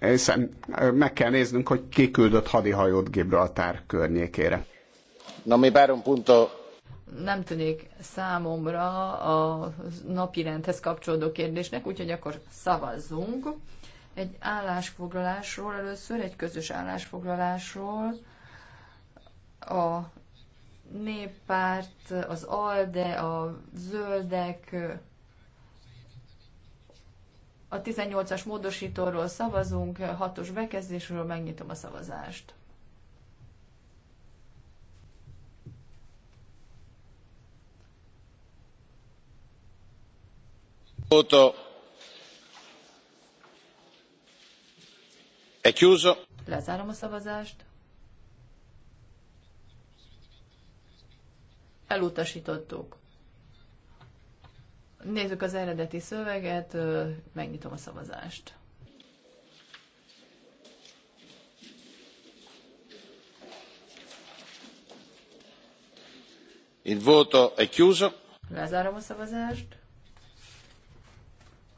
hiszen meg kell néznünk, hogy ki küldött hadihajót Gibraltár környékére. Na mi bárom punto nem tűnik számomra a napirendhez kapcsolódó kérdésnek, úgyhogy akkor szavazzunk. Egy állásfoglalásról először, egy közös állásfoglalásról a néppárt, az ALDE, a zöldek, a 18-as módosítóról szavazunk, 6-os bekezdésről megnyitom a szavazást. voto è chiuso lezárom a szavazást elutasítottuk Nézzük az eredeti szöveget, megnyitom a szavazást. Il voto è chiuso. Lezárom a szavazást.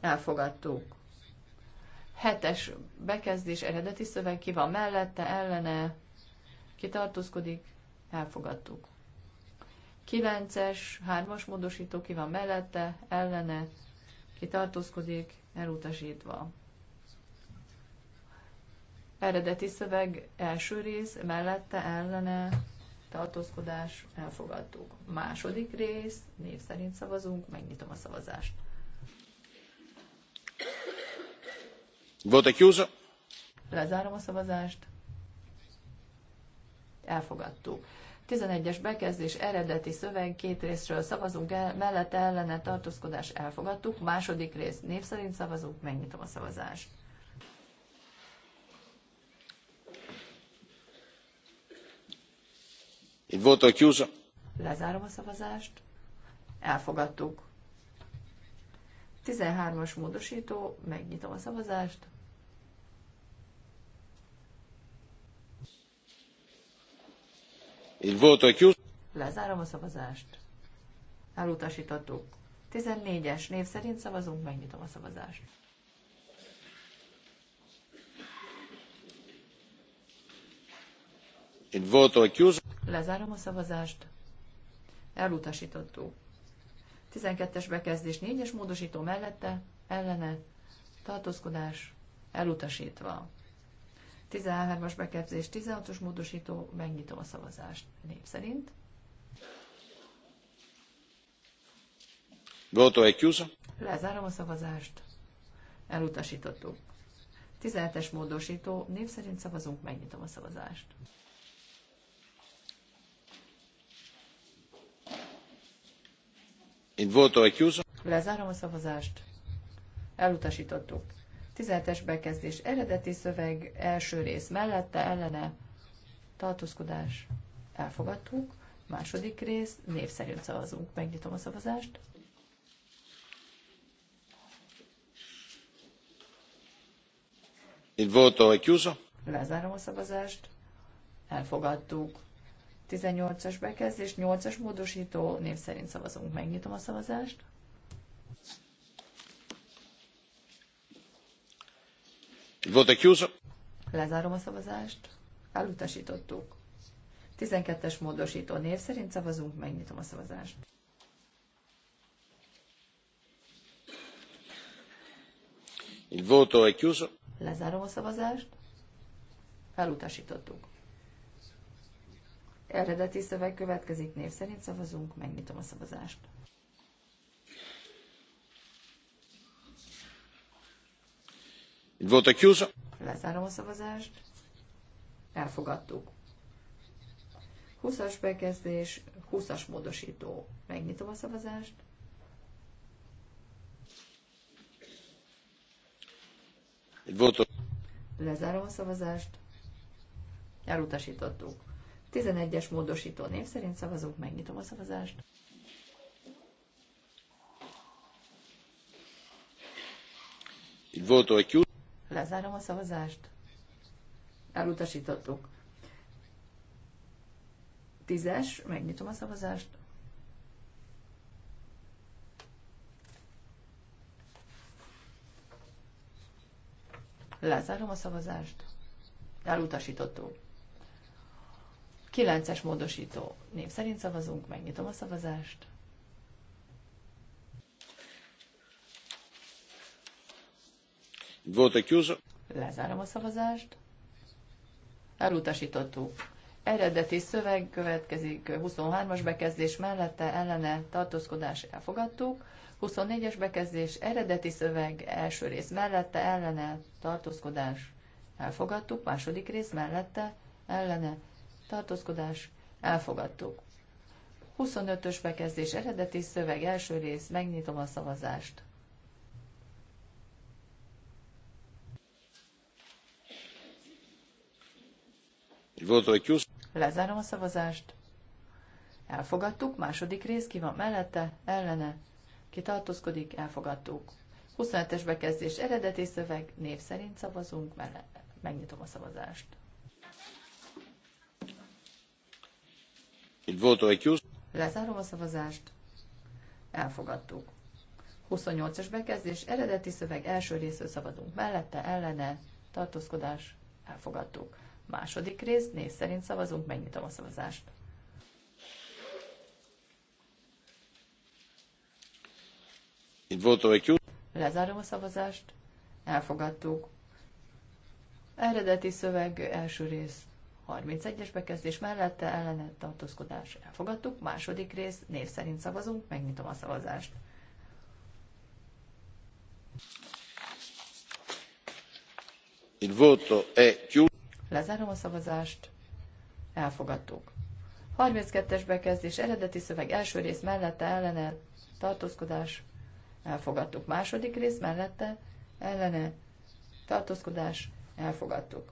Elfogadtuk. Hetes bekezdés eredeti szöveg, ki van mellette, ellene, kitartózkodik, elfogadtuk. 9-es, 3-as módosító ki van mellette, ellene, ki tartózkodik, elutasítva. Eredeti szöveg első rész, mellette, ellene, tartózkodás, elfogadtuk. Második rész, név szerint szavazunk, megnyitom a szavazást. egy chiuso. Lezárom a szavazást. Elfogadtuk. 11-es bekezdés eredeti szöveg két részről szavazunk el, mellett ellene tartózkodás elfogadtuk, második rész név szerint szavazunk, megnyitom a szavazást. volt a kiúza. Lezárom a szavazást. Elfogadtuk. 13-as módosító, megnyitom a szavazást. Il voto è chiuso. Lezárom a szavazást. Elutasítottuk. 14-es név szerint szavazunk, megnyitom a szavazást. Il voto è chiuso. Lezárom a szavazást. Elutasítottuk. 12-es bekezdés 4-es módosító mellette, ellene, tartózkodás, elutasítva. 13-as bekezdés, 16-os módosító, megnyitom a szavazást név szerint. Voto è chiuso. Lezárom a szavazást. Elutasítottuk. 17-es módosító, név szerint szavazunk, megnyitom a szavazást. In voto è chiuso. Lezárom a szavazást. Elutasítottuk. 17-es bekezdés eredeti szöveg első rész mellette ellene tartózkodás elfogadtuk. Második rész név szerint szavazunk. Megnyitom a szavazást. Il voto è chiuso. Lezárom a szavazást. Elfogadtuk. 18-as bekezdés, 8-as módosító, név szerint szavazunk. Megnyitom a szavazást. voto Lezárom a szavazást. Elutasítottuk. 12-es módosító név szerint szavazunk, megnyitom a szavazást. Il voto è chiuso. Lezárom a szavazást. Elutasítottuk. Eredeti szöveg következik, név szerint szavazunk, megnyitom a szavazást. Il voto è chiuso. Lezárom a szavazást. Elfogadtuk. 20-as bekezdés, 20-as módosító. Megnyitom a szavazást. Il voto. Lezárom a szavazást. Elutasítottuk. 11-es módosító név szerint szavazunk, megnyitom a szavazást. Il voto è chiuso. Lezárom a szavazást. Elutasítottuk. Tízes, megnyitom a szavazást. Lezárom a szavazást. Elutasítottó. Kilences módosító. Név szerint szavazunk, megnyitom a szavazást. Lezárom a szavazást. Elutasítottuk. Eredeti szöveg következik 23-as bekezdés mellette ellene tartózkodás elfogadtuk. 24-es bekezdés eredeti szöveg első rész mellette ellene tartózkodás elfogadtuk. Második rész mellette ellene tartózkodás elfogadtuk. 25-ös bekezdés eredeti szöveg első rész megnyitom a szavazást. Lezárom a szavazást. Elfogadtuk. Második rész ki van mellette, ellene. Ki tartózkodik, elfogadtuk. 25-es bekezdés eredeti szöveg, név szerint szavazunk, mellette. megnyitom a szavazást. Lezárom a szavazást. Elfogadtuk. 28-as bekezdés eredeti szöveg első részről szavazunk mellette, ellene, tartózkodás, elfogadtuk. Második rész, név szerint szavazunk, megnyitom a szavazást. Lezárom a szavazást, elfogadtuk. Eredeti szöveg első rész 31-es bekezdés mellette ellene tartózkodás elfogadtuk. Második rész név szerint szavazunk, megnyitom a szavazást. Il voto è chiuso. Lezárom a szavazást. Elfogadtuk. 32-es bekezdés eredeti szöveg első rész mellette ellene tartózkodás. Elfogadtuk. Második rész mellette ellene tartózkodás. Elfogadtuk.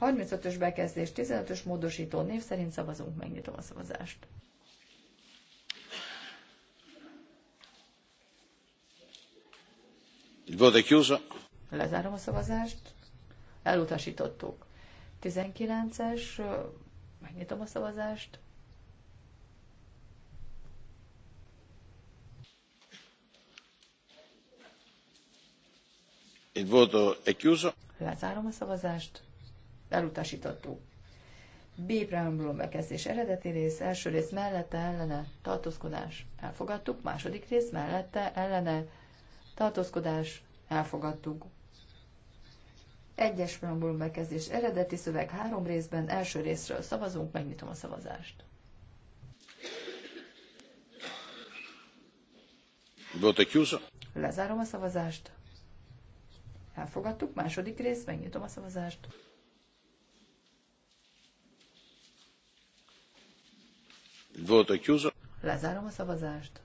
35-ös bekezdés 15-ös módosító név szerint szavazunk. Megnyitom a szavazást. Lezárom a szavazást elutasítottuk. 19-es, megnyitom a szavazást. Itt volt a accuser. Lezárom a szavazást. Elutasítottuk. B. Preambulum bekezdés eredeti rész, első rész mellette, ellene, tartózkodás, elfogadtuk, második rész mellette, ellene, tartózkodás, elfogadtuk. Egyes preambulum bekezdés eredeti szöveg három részben, első részről szavazunk, megnyitom a szavazást. Lezárom a szavazást. Elfogadtuk, második rész, megnyitom a szavazást. Lezárom a szavazást.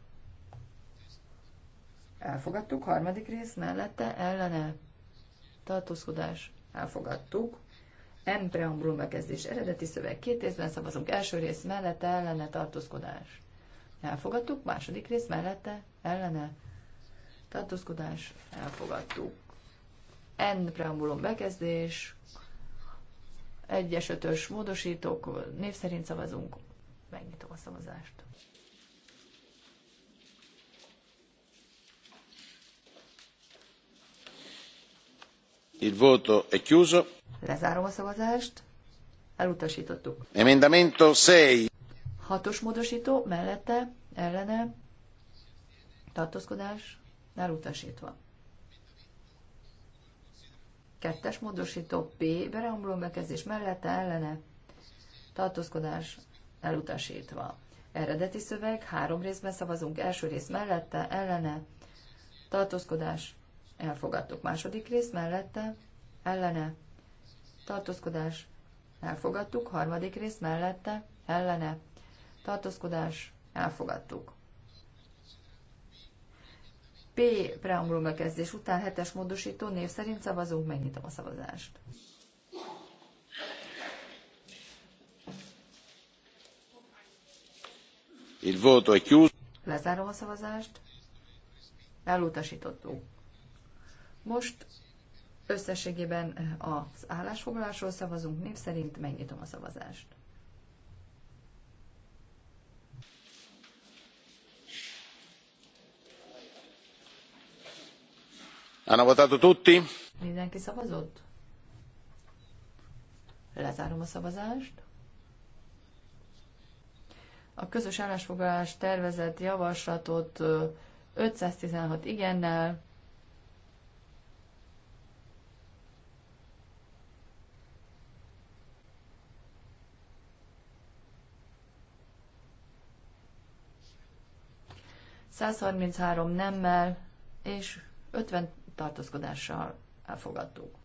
Elfogadtuk, harmadik rész, mellette, ellene, tartózkodás, elfogadtuk. M preambulum bekezdés eredeti szöveg két részben szavazunk. Első rész mellette ellene tartózkodás. Elfogadtuk. Második rész mellette ellene tartózkodás. Elfogadtuk. N preambulum bekezdés. Egyes ötös módosítók. Név szerint szavazunk. Megnyitom a szavazást. Il voto è chiuso. Lezárom a szavazást. Elutasítottuk. Emendamento 6. Hatos módosító mellette, ellene, tartózkodás, elutasítva. Kettes módosító P, bereomló bekezdés mellette, ellene, tartózkodás, elutasítva. Eredeti szöveg, három részben szavazunk, első rész mellette, ellene, tartózkodás, elfogadtuk. Második rész mellette, ellene, tartózkodás, elfogadtuk. Harmadik rész mellette, ellene, tartózkodás, elfogadtuk. P. Preambulum bekezdés után hetes módosító név szerint szavazunk, megnyitom a szavazást. Il voto è chiuso. Lezárom a szavazást. Elutasítottuk. Most összességében eh, az állásfoglalásról szavazunk, név szerint megnyitom a szavazást. Hanno votato tutti? Mindenki szavazott? Lezárom a szavazást. A közös állásfoglalás tervezett javaslatot 516 eh, igennel, 133 nemmel és 50 tartózkodással elfogadtuk.